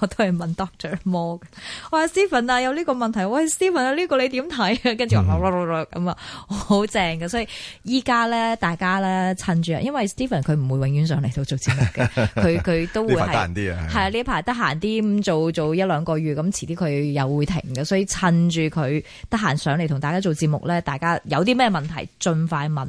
我都係問 Doctor Mo 嘅，我話 Stephen 啊，有呢個問題，喂 Stephen 啊，呢個你點睇啊？跟住我啦咁啊，好正嘅，所以依家咧，大家咧趁住，啊。因為 Stephen 佢唔會永遠上嚟到做節目嘅，佢佢 都會係啊，呢排得閒啲咁做做一兩個月，咁遲啲佢又會停嘅，所以趁住佢得閒上嚟同大家做節目咧，大家有啲咩問題盡快問。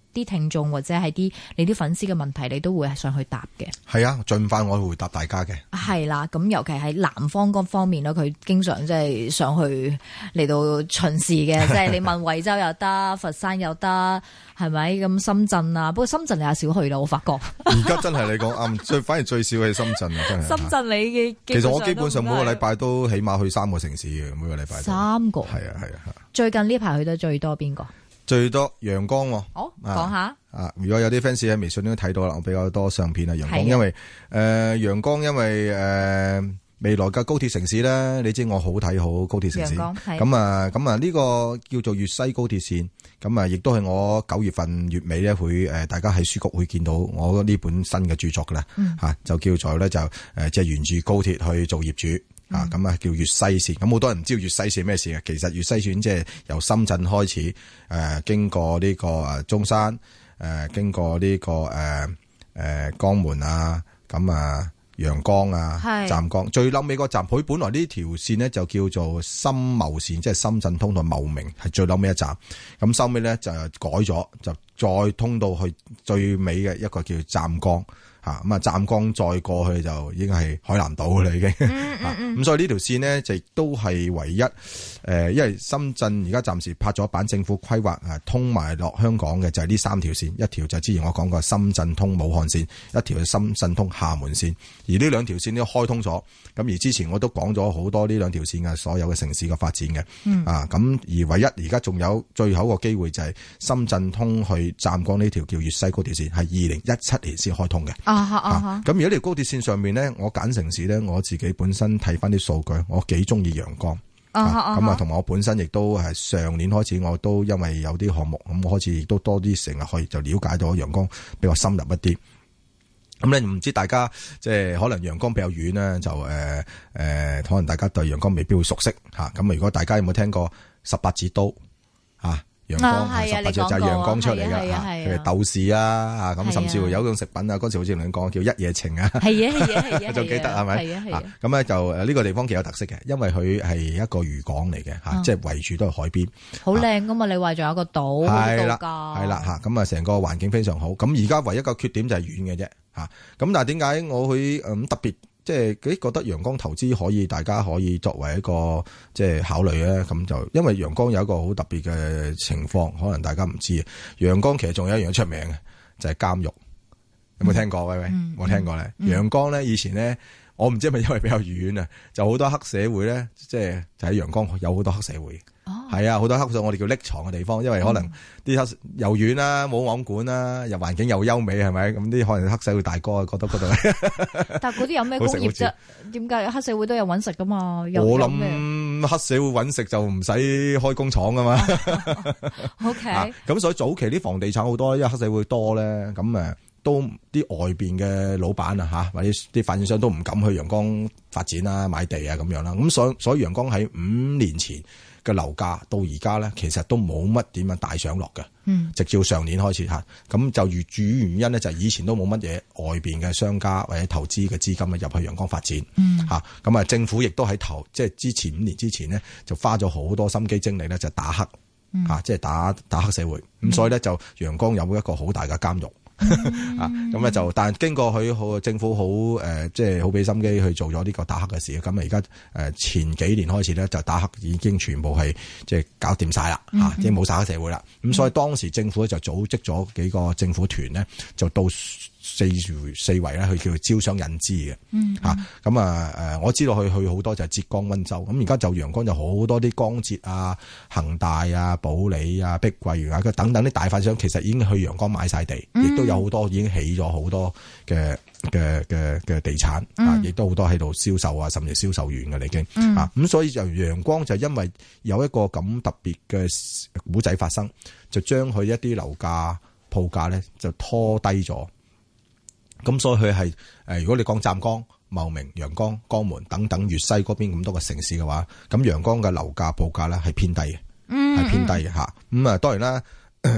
啲聽眾或者係啲你啲粉絲嘅問題，你都會上去答嘅。係啊，盡快我去回答大家嘅。係啦，咁尤其喺南方嗰方面咧，佢經常即係上去嚟到巡視嘅。即係 你問惠州又得，佛山又得，係咪咁？深圳啊，不過深圳你有少去啦，我發覺。而 家真係你講啱，最 反而最少喺深圳啊，真係。深圳你嘅其實我基本上每個禮拜都起碼去三個城市嘅，每個禮拜三個。係啊係啊。最近呢排去得最多邊個？最多陽江，好講、哦、下啊！如果有啲 fans 喺微信應該都睇到啦，我比較多相片啊，陽江，因為誒的、呃、陽江，因為誒、呃、未來嘅高鐵城市咧，你知我好睇好高鐵城市，咁啊，咁啊呢個叫做粵西高鐵線，咁啊亦都係我九月份月尾咧會誒，大家喺書局會見到我呢本新嘅著作啦，嚇、嗯啊、就叫做咧就誒即係沿住高鐵去做業主。啊，咁啊叫粵西線，咁好多人唔知道粵西線咩事。其實粵西線即係由深圳開始，誒經過呢個誒中山，誒經過呢個誒誒江門啊，咁啊陽江啊，湛江最撚尾個站，佢本來呢條線咧就叫做深茂線，即係深圳通到茂名係最撚尾一站，咁收尾咧就改咗，就再通到去最尾嘅一個叫湛江。吓咁啊！湛江再過去就已經係海南島啦，已經啊。咁所以呢條線呢，就都係唯一誒、呃，因為深圳而家暫時拍咗板政府規劃誒通埋落香港嘅就係呢三條線，一條就之前我講過深圳通武漢線，一條係深圳通廈門線，而呢兩條線都開通咗。咁而之前我都講咗好多呢兩條線嘅所有嘅城市嘅發展嘅。啊，咁而唯一而家仲有最後個機會就係深圳通去湛江呢條叫粵西嗰條線，係二零一七年先開通嘅。啊啊啊！咁如果呢條高鐵線上面咧，我揀城市咧，我自己本身睇翻啲數據，我幾中意陽江啊，咁哈啊，同我本身亦都係上年開始，我都因為有啲項目咁，我開始亦都多啲成日去就了解到陽江比較深入一啲。咁咧唔知大家即係可能陽江比較遠咧，就誒誒、呃呃，可能大家對陽江未必會熟悉吓。咁、啊、如果大家有冇聽過十八子刀？就係啊，陽光出嚟係啊，譬豆豉啊，啊咁，甚至乎有一種食品啊，嗰時好似你講叫一夜情啊，係啊，係啊，仲記得啊嘛，吓，咁咧就誒呢個地方幾有特色嘅，因為佢係一個漁港嚟嘅，吓，即係圍住都係海邊，好靚噶嘛，你話仲有個島，係啦，係啦，吓，咁啊成個環境非常好，咁而家唯一個缺點就係遠嘅啫，吓，咁但係點解我會咁特別？即係佢覺得陽江投資可以，大家可以作為一個即係考慮咧。咁就因為陽江有一個好特別嘅情況，可能大家唔知。陽江其實仲有一樣出名嘅，就係監獄。有冇聽過？喂喂，冇、嗯、聽過咧。陽、嗯嗯、江咧以前咧，我唔知係咪因為比較遠啊，就好多黑社會咧，即係就喺、是、陽江有好多黑社會。係、哦、啊，好多黑社會我哋叫匿藏嘅地方，因為可能啲黑又遠啦、啊，冇網管啦、啊，又環境又優美，係咪？咁啲可能黑社會大哥覺得嗰度。但嗰啲有咩工業啫？點解 黑社會都有揾食噶嘛？我諗黑社會揾食就唔使開工廠噶嘛。 OK，咁、啊、所以早期啲房地產好多，因為黑社會多咧，咁誒都啲外邊嘅老闆啊，吓或者啲發展商都唔敢去陽光發展啊、買地啊咁樣啦。咁所所以陽光喺五年前。嘅樓價到而家咧，其實都冇乜點樣大上落嘅，嗯、直至上年開始嚇。咁、啊、就如主原因咧，就以前都冇乜嘢外邊嘅商家或者投資嘅資金啊入去陽江發展嚇。咁、嗯、啊，政府亦都喺投即係之前五年之前呢，就花咗好多心機精力咧、嗯啊，就是、打黑嚇，即係打打黑社會。咁、嗯、所以咧，就陽江有冇一個好大嘅監獄。啊，咁咧就，但係經過佢好政府好誒，即係好俾心機去做咗呢個打黑嘅事，咁啊而家誒前幾年開始咧就打黑已經全部係即係搞掂晒啦，吓即係冇晒黑社會啦。咁所以當時政府咧就組織咗幾個政府團呢，就到。四四圍咧，佢叫做招商引資嘅嚇咁啊！誒，我知道佢去好多就係浙江溫州咁。而家就陽光就好多啲江浙啊、恒大啊、保利啊、碧桂園啊，佢等等啲大發商其實已經去陽光買晒地，亦都、嗯、有好多已經起咗好多嘅嘅嘅嘅地產、嗯、啊，亦都好多喺度銷售啊，甚至銷售員嘅已經啊咁，所以就陽光就因為有一個咁特別嘅古仔發生，就將佢一啲樓價、鋪價咧就拖低咗。咁、嗯、所以佢係誒，如果你講湛江、茂名、陽江、江門等等粵西嗰邊咁多個城市嘅話，咁陽江嘅樓價、報價咧係偏低嘅，係、嗯、偏低嘅吓。咁、嗯、啊，嗯、當然啦，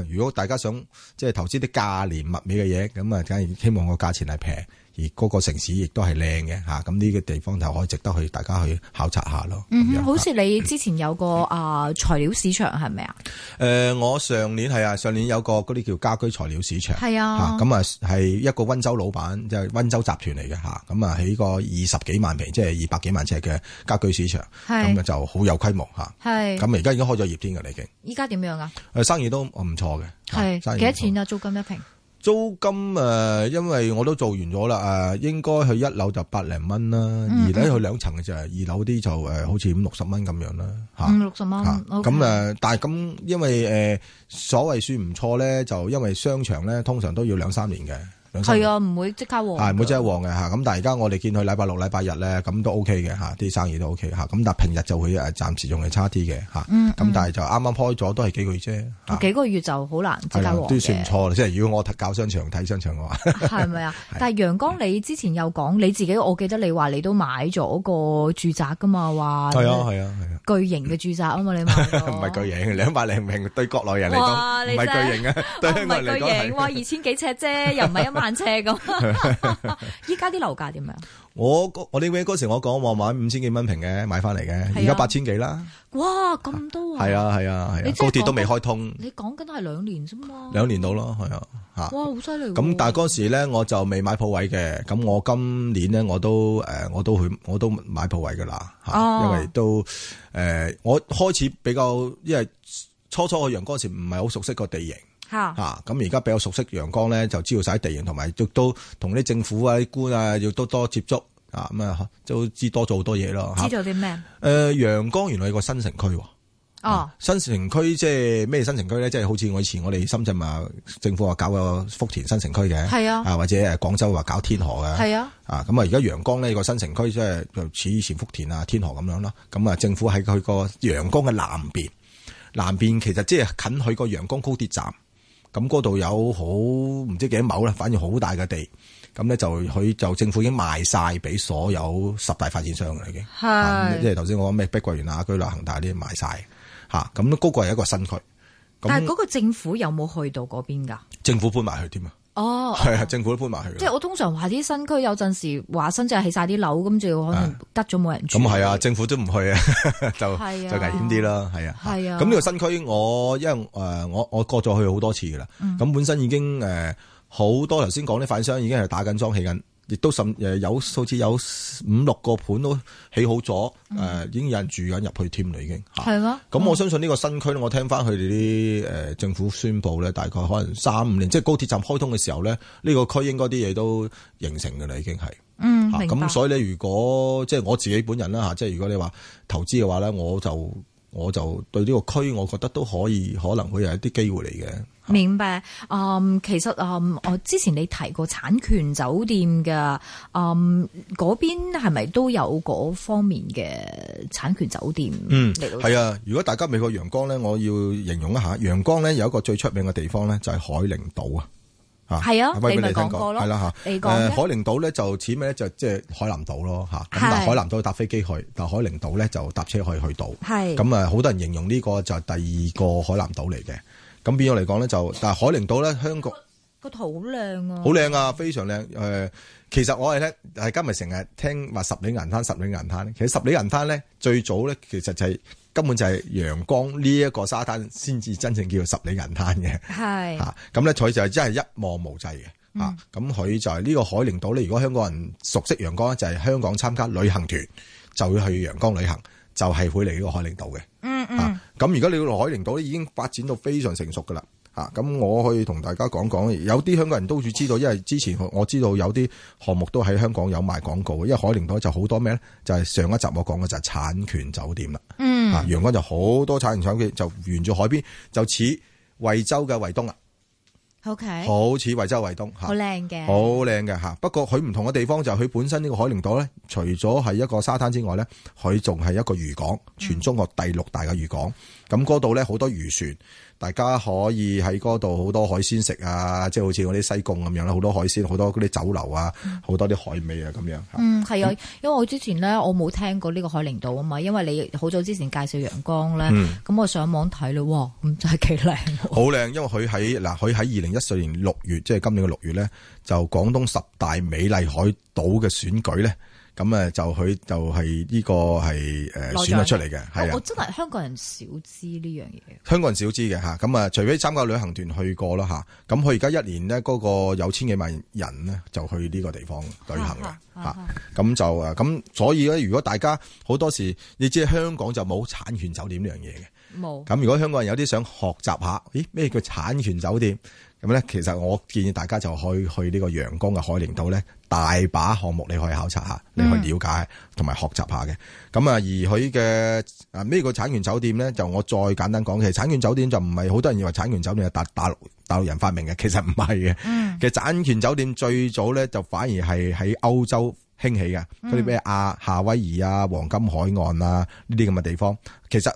如果大家想即係投資啲價廉物美嘅嘢，咁啊，梗係希望個價錢係平。而嗰個城市亦都係靚嘅嚇，咁呢個地方就可以值得去大家去考察下咯。嗯哼，好似你之前有個 啊材料市場係咪啊？誒、呃，我上年係啊，上年有個嗰啲叫家居材料市場係啊，咁啊係一個溫州老闆，即係溫州集團嚟嘅嚇，咁啊起個二十幾萬平，即係二百幾萬尺嘅家居市場，咁是樣就好有規模嚇。係、啊。咁而家已經開咗業先嘅嚟嘅。依家點樣啊？誒、呃，生意都唔錯嘅。係幾是多錢啊？租金一平？租金誒、呃，因為我都做完咗啦，誒、呃，應該去一樓就百零蚊啦，嗯、而底去兩層嘅啫，二樓啲就誒、呃，好似五六十蚊咁樣啦，嚇、啊，五、嗯、六十蚊，嚇、啊，咁誒 okay.，但係咁，因為誒、呃、所謂算唔錯咧，就因為商場咧，通常都要兩三年嘅。係啊，唔會即刻旺。係唔會即刻旺嘅吓，咁但係而家我哋見佢禮拜六、禮拜日咧，咁都 OK 嘅吓，啲生意都 OK 吓。咁但係平日就會誒，暫時仲係差啲嘅吓。嗯。咁但係就啱啱開咗，都係幾個月啫。幾個月就好難即刻旺嘅。都算唔錯啦，即係如果我搞商場睇商場嘅話。係咪啊？但係陽光，你之前又講你自己，我記得你話你都買咗個住宅噶嘛？話係啊係啊係啊。巨型嘅住宅啊嘛，你買。唔係巨型，兩百零平，對國內人嚟講。哇！你真係。唔係巨型，哇！二千幾尺啫，又唔係單車咁，依家啲樓價點樣？我我你嗰時我講話買五千幾蚊平嘅買翻嚟嘅，而家、啊、八千幾啦。哇，咁多啊！係啊係啊係啊，啊高鐵都未開通。你講緊係兩年啫嘛？兩年到咯，係啊吓。哇，好犀利！咁但係嗰時咧，我就未買鋪位嘅。咁我今年咧，我都誒，我都去，我都買鋪位噶啦吓。啊、因為都誒、呃，我開始比較，因為初初去陽江嗰時唔係好熟悉個地形。嚇，咁而家比較熟悉陽江咧，就知道晒地形，同埋亦都同啲政府啊、啲官啊，要多多接觸啊。咁啊，都知多做好多嘢咯。知道啲咩？誒、呃，陽江原來係個新城區、啊、哦。新城區即係咩新城區咧？即係好似我以前我哋深圳嘛，政府話搞個福田新城區嘅係啊，啊或者誒廣州話搞天河嘅係啊。啊咁啊，而家陽江呢個新城區即係又似以前福田啊、天河咁樣咯。咁、嗯、啊，政府喺佢個陽江嘅南邊，南邊其實即係近佢個陽江高鐵站。咁嗰度有好唔知幾多畝啦，反而好大嘅地，咁咧就佢就政府已經賣晒俾所有十大發展商嚟嘅，即係頭先我講咩碧桂園啊、居樂、恒大啲賣晒，吓咁嗰個係一個新區。但係嗰個政府有冇去到嗰邊噶？政府搬埋去添啊！哦，係、哦、啊，政府都搬埋去。即係我通常話啲新區有陣時話新淨，係起晒啲樓，咁就可能得咗冇人住。咁係啊，政府都唔去啊，就就危險啲啦，係、嗯、啊。係、嗯、啊。咁呢個新區，我因為誒，我我過咗去好多次噶啦。咁本身已經誒好多，頭先講啲反商已經係打緊樁起緊。亦都甚誒有，好似有五六個盤都起好咗，誒、嗯呃、已經有人住緊入去添啦，已經嚇。係咯、嗯。咁我相信呢個新區咧，嗯、我聽翻佢哋啲誒政府宣佈咧，大概可能三五年，即係高鐵站開通嘅時候咧，呢、這個區應該啲嘢都形成㗎啦，已經係。啊、嗯，明白。咁、啊、所以咧，如果即係我自己本人啦嚇，即係如果你話投資嘅話咧，我就。我就對呢個區，我覺得都可以，可能會有一啲機會嚟嘅。明白，嗯，其實啊，我、嗯、之前你提過產權酒店嘅，嗯，嗰邊係咪都有嗰方面嘅產權酒店？嗯，係啊。如果大家未去陽江咧，我要形容一下陽江咧，有一個最出名嘅地方咧，就係、是、海陵島啊。啊，係啊，未未講過咯，係啦嚇。誒、呃，海陵島咧就似咩咧？就即係海南島咯，嚇是。咁但、啊、海南島搭飛機去，但海陵島咧就搭車可以去到。係是。咁啊，好多人形容呢個就係第二個海南島嚟嘅。咁變咗嚟講咧，就但海陵島咧，香港、嗰個嗰個圖好靚啊，好靚啊，非常靚。誒、呃。其實我哋咧，係今日成日聽話十里銀灘，十里銀灘咧。其實十里銀灘咧，最早咧，其實就係、是、根本就係陽江呢一個沙灘，先至真正叫做十里銀灘嘅。係吓是，咁咧佢就係真係一望無際嘅。吓、嗯，咁佢、啊、就係呢個海陵島咧。如果香港人熟悉陽江咧，就係、是、香港參加旅行團就要去陽江旅行，就係、是、會嚟呢個海陵島嘅。嗯嗯。咁如果你落海陵島咧，已經發展到非常成熟噶啦。啊，咁我可以同大家講講，有啲香港人都住知道，因為之前我知道有啲項目都喺香港有賣廣告嘅，因為海陵島就好多咩咧，就係、是、上一集我講嘅就係產權酒店啦。嗯，啊，陽江就好多產權酒店，就沿住海邊，就似惠州嘅惠東啦。O K，好似惠州惠東吓。好靚嘅。好靚嘅吓，不過佢唔同嘅地方就係、是、佢本身呢個海陵島咧，除咗係一個沙灘之外咧，佢仲係一個漁港，全中國第六大嘅漁港。咁嗰度咧好多漁船。大家可以喺嗰度好多海鮮食啊，即係好似我啲西貢咁樣啦，好多海鮮，好多嗰啲酒樓啊，好多啲海味啊咁樣。嗯，係啊，嗯、因為我之前咧，我冇聽過呢個海陵島啊嘛，因為你好早之前介紹陽江咧，咁、嗯、我上網睇啦，哇，咁真係幾靚。好靚，因為佢喺嗱，佢喺二零一四年六月，即係今年嘅六月咧，就廣東十大美麗海島嘅選舉咧。咁啊，就佢就係呢個係誒選咗出嚟嘅。係，我真係香港人少知呢樣嘢。香港人少知嘅吓，咁啊，除非參加旅行團去過啦吓。咁佢而家一年呢嗰個有千幾萬人呢，就去呢個地方旅行嘅吓。咁就誒，咁所以咧，如果大家好多時，你知香港就冇產權酒店呢樣嘢嘅。冇。咁如果香港人有啲想學習下，咦咩叫產權酒店？咁咧，其實我建議大家就可以去呢個陽江嘅海陵島咧。大把項目你可以考察下，你去了解同埋學習下嘅。咁啊，而佢嘅呢個產權酒店咧，就我再簡單講，其實產權酒店就唔係好多人以為產權酒店係大大陸大陸人發明嘅，其實唔係嘅。嗯、其實產權酒店最早咧就反而係喺歐洲興起嘅，嗰啲咩亞夏威夷啊、黃金海岸啊呢啲咁嘅地方。其實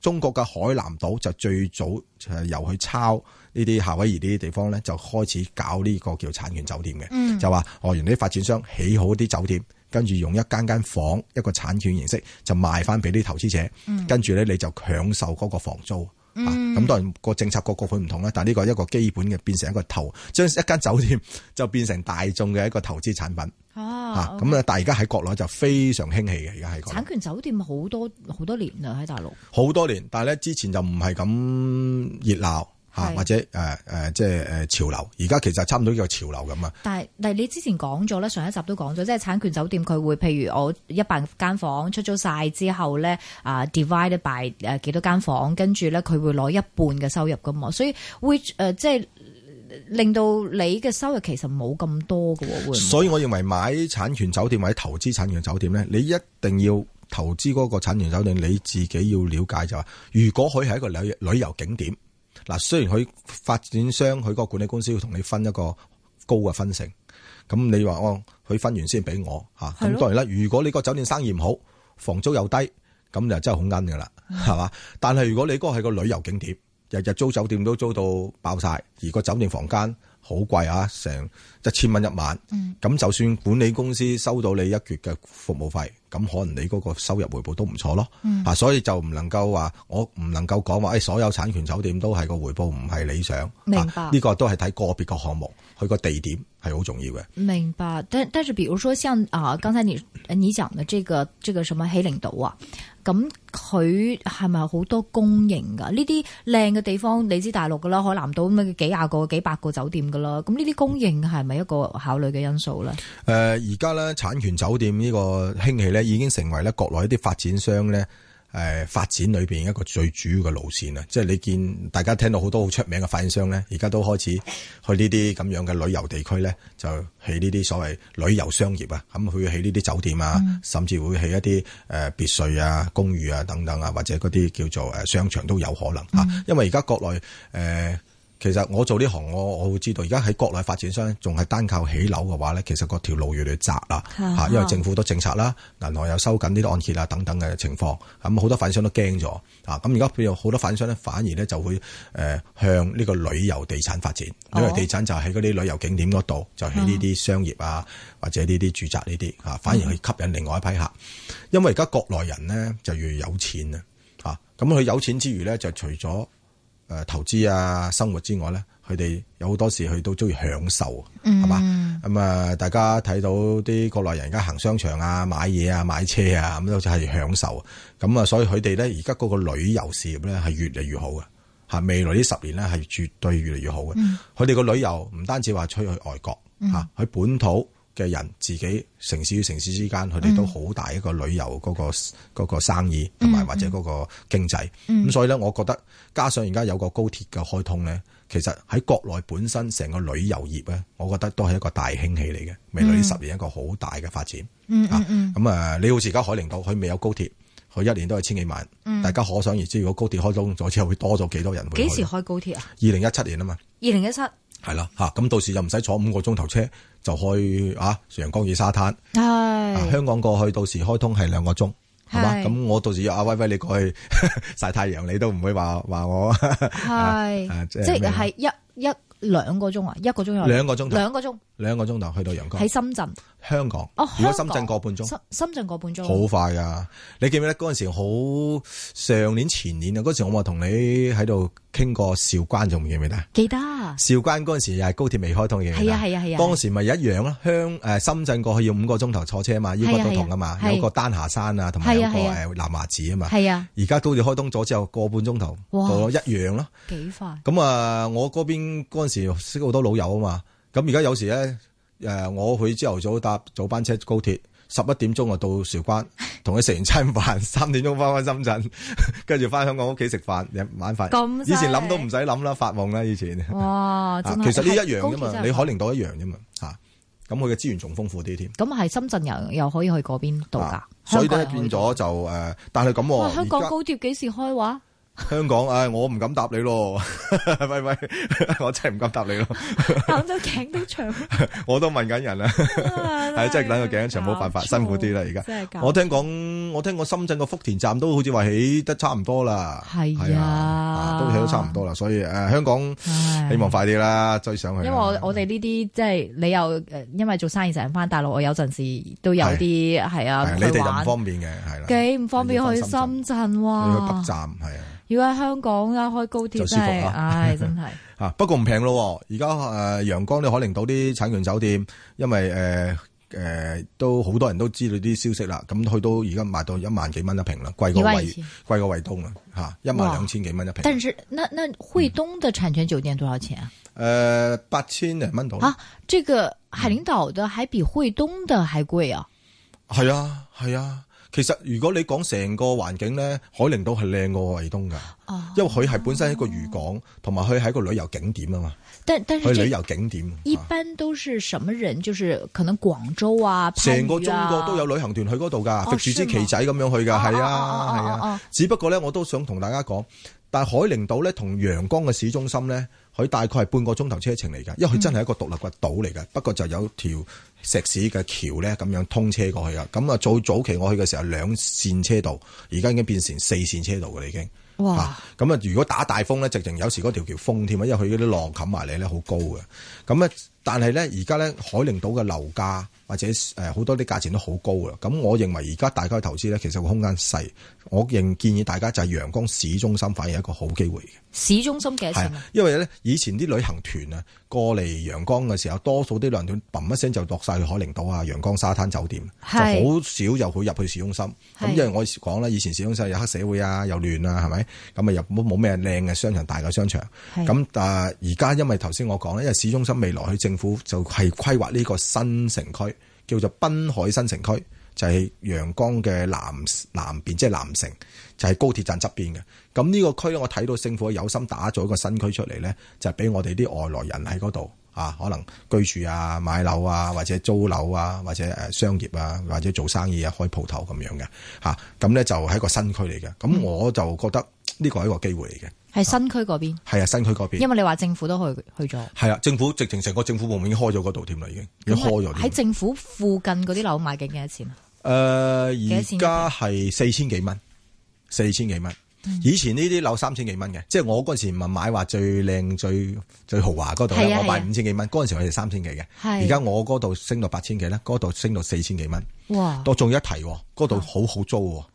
中國嘅海南島就最早就係由佢抄。呢啲夏威夷呢啲地方咧，就開始搞呢個叫產權酒店嘅。嗯、就話，哦，原來啲發展商起好啲酒店，跟住用一間間房一個產權形式就賣翻俾啲投資者，跟住咧你就享受嗰個房租咁。嗯啊、當然個政策各個款唔同啦，但係呢個一個基本嘅變成一個頭，將一間酒店就變成大眾嘅一個投資產品。嚇咁啊、okay、啊。但係而家喺國內就非常興起嘅，而家喺國內產權酒店好多好多年啦，喺大陸好多年，但係咧之前就唔係咁熱鬧。吓、啊，或者誒誒、呃呃，即係誒潮流，而家其實差唔多呢個潮流咁啊。但係但係，你之前講咗咧，上一集都講咗，即係產權酒店佢會，譬如我一百間房間出租晒之後咧，啊、呃、divide by 誒幾多間房間，跟住咧佢會攞一半嘅收入噶嘛，所以會誒、呃、即係令到你嘅收入其實冇咁多嘅，會唔會。所以我認為買產權酒店或者投資產權酒店咧，你一定要投資嗰個產權酒店，你自己要了解就話、是，如果佢係一個旅旅遊景點。嗱，雖然佢發展商佢嗰個管理公司要同你分一個高嘅分成，咁你話我佢分完先俾我嚇，咁的當然啦。如果你個酒店生意唔好，房租又低，咁就真係好啱嘅啦，係嘛？但係如果你嗰個係個旅遊景點，日日租酒店都租到爆晒，而個酒店房間，好貴啊！成一千蚊一晚，咁、嗯、就算管理公司收到你一月嘅服務費，咁可能你嗰個收入回報都唔錯咯。嗯、啊，所以就唔能夠話我唔能夠講話，誒、哎，所有產權酒店都係個回報唔係理想。明白呢、啊這個都係睇個別個項目，佢個地點。係好重要嘅，明白。但但是，比如說像，像、呃、啊，剛才你你講的這個這個什麼喜靈島啊，咁佢係咪好多供應噶、啊？呢啲靚嘅地方，你知大陸噶啦，海南島咁幾廿個、幾百個酒店噶啦，咁呢啲供應係咪一個考慮嘅因素咧？誒、呃，而家咧產權酒店呢個興起咧，已經成為咧國內一啲發展商咧。誒、呃、發展裏邊一個最主要嘅路線啊，即係你見大家聽到好多好出名嘅發展商咧，而家都開始去呢啲咁樣嘅旅遊地區咧，就起呢啲所謂旅遊商業啊，咁去起呢啲酒店啊，嗯、甚至會起一啲誒、呃、別墅啊、公寓啊等等啊，或者嗰啲叫做誒商場都有可能吓、啊，因為而家國內誒，呃其實我做呢行，我我會知道，而家喺國內發展商仲係單靠起樓嘅話咧，其實個條路越嚟越窄啦，吓， 因為政府多政策啦，銀行又收緊呢啲按揭啊等等嘅情況，咁好多反商都驚咗，啊，咁而家譬如好多反商咧，反而咧就會誒向呢個旅遊地產發展，旅、oh. 遊地產就喺嗰啲旅遊景點嗰度，就喺呢啲商業啊 或者呢啲住宅呢啲吓，反而去吸引另外一批客， 因為而家國內人呢就越有錢啊，吓，咁佢有錢之餘呢，就除咗。誒、啊，投資啊，生活之外咧，佢哋有好多時佢都中意享受，係嘛、mm.？咁、嗯、啊，大家睇到啲國內人而家行商場啊、買嘢啊、買車啊，咁都似係享受。咁、嗯、啊，所以佢哋咧而家嗰個旅遊事業咧係越嚟越好嘅，吓，未來呢十年咧係絕對越嚟越好嘅。佢哋個旅遊唔單止話出去外國，吓喺、mm. 啊、本土。嘅人自己城市與城市之間，佢哋都好大一個旅遊嗰個個生意，同埋或者嗰個經濟。咁所以咧，我覺得加上而家有個高鐵嘅開通咧，其實喺國內本身成個旅遊業咧，我覺得都係一個大興起嚟嘅，未來呢十年一個好大嘅發展。嗯咁啊，你好似而家海陵島，佢未有高鐵，佢一年都係千幾萬。大家可想而知，如果高鐵開通咗之後，會多咗幾多人？幾時開高鐵啊？二零一七年啊嘛。二零一七。係啦，吓咁到時又唔使坐五個鐘頭車就去啊！陽光與沙灘，係的、啊、香港過去到時開通係兩個鐘，係嘛的？咁我到時阿威威你過去曬太陽，你都唔會話話我係，即係係一一兩個鐘啊，一個鐘有，兩個鐘，兩個鐘。兩個鐘頭去到陽江，喺深圳香港、哦、香港。哦，如果深圳個半鐘，深圳個半鐘，好快噶、啊！你記唔記得嗰陣時好上年前年啊？嗰時我咪同你喺度傾過韶關，仲記唔記得？記得。韶關嗰陣時又係高鐵未開通嘅，係啊係啊係啊。啊啊當時咪一樣咯，香誒、啊、深圳過去要五個鐘頭坐車嘛，依個都同噶嘛，啊啊、有個丹霞山啊，同埋有個誒南華寺啊嘛。係啊。而家高鐵開通咗之後，個半鐘頭，哇，一樣咯。幾快？咁啊，我嗰邊嗰陣時識好多老友啊嘛。咁而家有時咧，誒、呃，我去朝頭早搭早班車高鐵，十一點鐘啊到韶關，同佢食完餐飯， 三點鐘翻返深圳，跟住翻香港屋企食飯、晚飯。咁，以前諗都唔使諗啦，發夢啦，以前。哇、啊，其實呢一樣啫嘛，你海寧島一樣啫嘛，吓、啊。咁佢嘅資源仲豐富啲添。咁係深圳人又可以去嗰邊度假，所以都變咗就誒、呃，但係咁喎。香港高鐵幾時開話？香港啊，我唔敢答你咯，喂喂，我真係唔敢答你咯。廣州頸都長，我都問緊人啊，係真係兩個頸都長，冇辦法，辛苦啲啦。而家我聽講，我聽講深圳個福田站都好似話起得差唔多啦，係啊，都起得差唔多啦。所以誒，香港希望快啲啦，追上去。因為我哋呢啲即係你又因為做生意成日翻大陸，我有陣時都有啲係啊，你哋就唔方便嘅，係啦。幾唔方便去深圳哇？去北站係啊。如果喺香港啊，開高鐵就舒服啦，唉、哎，真係吓。 不過唔平咯，而家誒，陽江你海陵島啲產權酒店，因為誒誒、呃呃，都好多人都知道啲消息啦。咁去到而家賣到一萬幾蚊一平啦，貴過惠貴過惠東啦，吓、啊、一萬兩千幾蚊一平。但是，那那惠東的產權酒店多少錢啊？誒、嗯，八千零蚊到。8，啊，這個海陵島的還比惠東的還貴啊？係、嗯、啊，係啊。其實如果你講成個環境咧，海陵島係靚過惠東噶，因為佢係本身一個漁港，同埋佢係一個旅遊景點啊嘛。但係，旅遊景點，景點一般都是什麼人？就是可能廣州啊，成、啊、個中國都有旅行團去嗰度噶，執住支旗仔咁樣去噶，係、哦、啊，係啊。只不過咧，我都想同大家講。但係海陵島咧，同陽江嘅市中心咧，佢大概係半個鐘頭車程嚟噶，因為佢真係一個獨立嘅島嚟噶。嗯、不過就有條石屎嘅橋咧，咁樣通車過去啦。咁啊，最早期我去嘅時候兩線車道，而家已經變成四線車道噶啦已經。哇！咁啊，如果打大風咧，直情有時嗰條橋封添啊，因為佢啲浪冚埋嚟咧，好高嘅。咁咧。但係咧，而家咧，海陵島嘅樓價或者誒、呃、好多啲價錢都好高啦。咁我認為而家大家投資咧，其實個空間細。我仍建議大家就係陽江市中心反而一個好機會嘅。市中心嘅，因為咧，以前啲旅行團啊過嚟陽江嘅時候，多數啲旅行團嘣一聲就落晒去海陵島啊，陽江沙灘酒店，是就好少又會入去市中心。咁是因為我講咧，以前市中心有黑社會啊，又亂啦，啊，係咪？咁啊又冇冇咩靚嘅商場、大嘅商場。咁但係而家因為頭先我講咧，因為市中心未來去正。政府就係規劃呢個新城區，叫做濱海新城區，就係、是、陽江嘅南南邊，即係南城，就係、是、高鐵站側邊嘅。咁呢個區呢，我睇到政府有心打造一個新區出嚟咧，就係、是、俾我哋啲外來人喺嗰度啊，可能居住啊、買樓啊、或者租樓啊、或者誒商業啊、或者做生意啊、開鋪頭咁樣嘅吓。咁、啊、咧就係、是、一個新區嚟嘅。咁我就覺得呢個係一個機會嚟嘅。嗯係新區嗰邊，係啊，新區嗰邊。因為你話政府都去去咗，係啊，政府直情成個政府部門已經開咗嗰度添啦，已經，已經開咗。喺政府附近嗰啲樓賣緊幾多錢啊？誒，而家係四千幾蚊，四千幾蚊。以前呢啲樓三千幾蚊嘅，即係我嗰陣時唔係買話最靚最最豪華嗰度我賣五千幾蚊。嗰陣時我哋三千幾嘅，而家我嗰度升到八千幾啦，嗰度升到四千幾蚊。哇！多仲一提，嗰度好好租。啊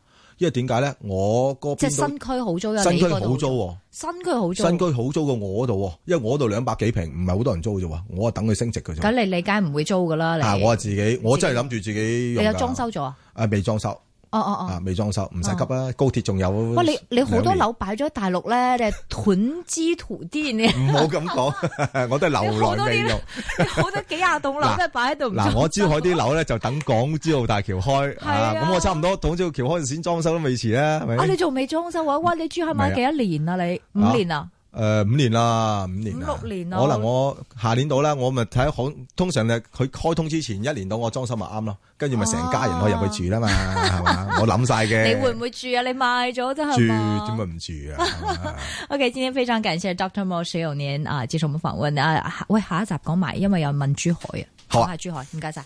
因為點解咧？我即、啊、個即係、啊、新區好租、啊，新區好租、啊，新區好租、啊，新區好租過我嗰度。因為我嗰度兩百幾平，唔係好多人租啫嘛。我啊等佢升值佢。咁你理解唔會租噶啦？你啊我啊自己，自己我真係諗住自己。你有裝修咗啊？啊未裝修。哦哦哦，未裝、啊啊啊、修，唔使急啦，啊啊高鐵仲有，哇！你你好多樓擺咗喺大陸咧，你囤積土地嘅。唔好咁講，我都係流浪嘅。好多啲好多幾廿棟樓都係擺喺度。嗱，我珠海啲樓咧就等港珠澳大橋開，咁我差唔多港珠澳橋開陣先裝修都未遲啦。我你仲未裝修啊？哇！你珠海買幾多年啊？你五年啊？誒、呃，五年啦，五年，五六年可能我，我下年到啦，我咪睇好，通常佢開通之前一年到，我裝修咪啱咯，跟住咪成家人可以入去住啦嘛，係嘛，我諗晒嘅。你會唔會住啊？你賣咗就住，點解唔住啊 ？OK，今天非常感謝 Dr. 沈永年啊，接受我們訪問啊，喂，下一集講埋，因為有人問珠海好啊，講下珠海，唔該晒。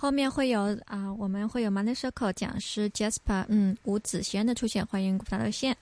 後面會有啊、呃，我們會有 Money Circle 講師 Jasper，嗯，吳子軒的出現，歡迎佢哋連線。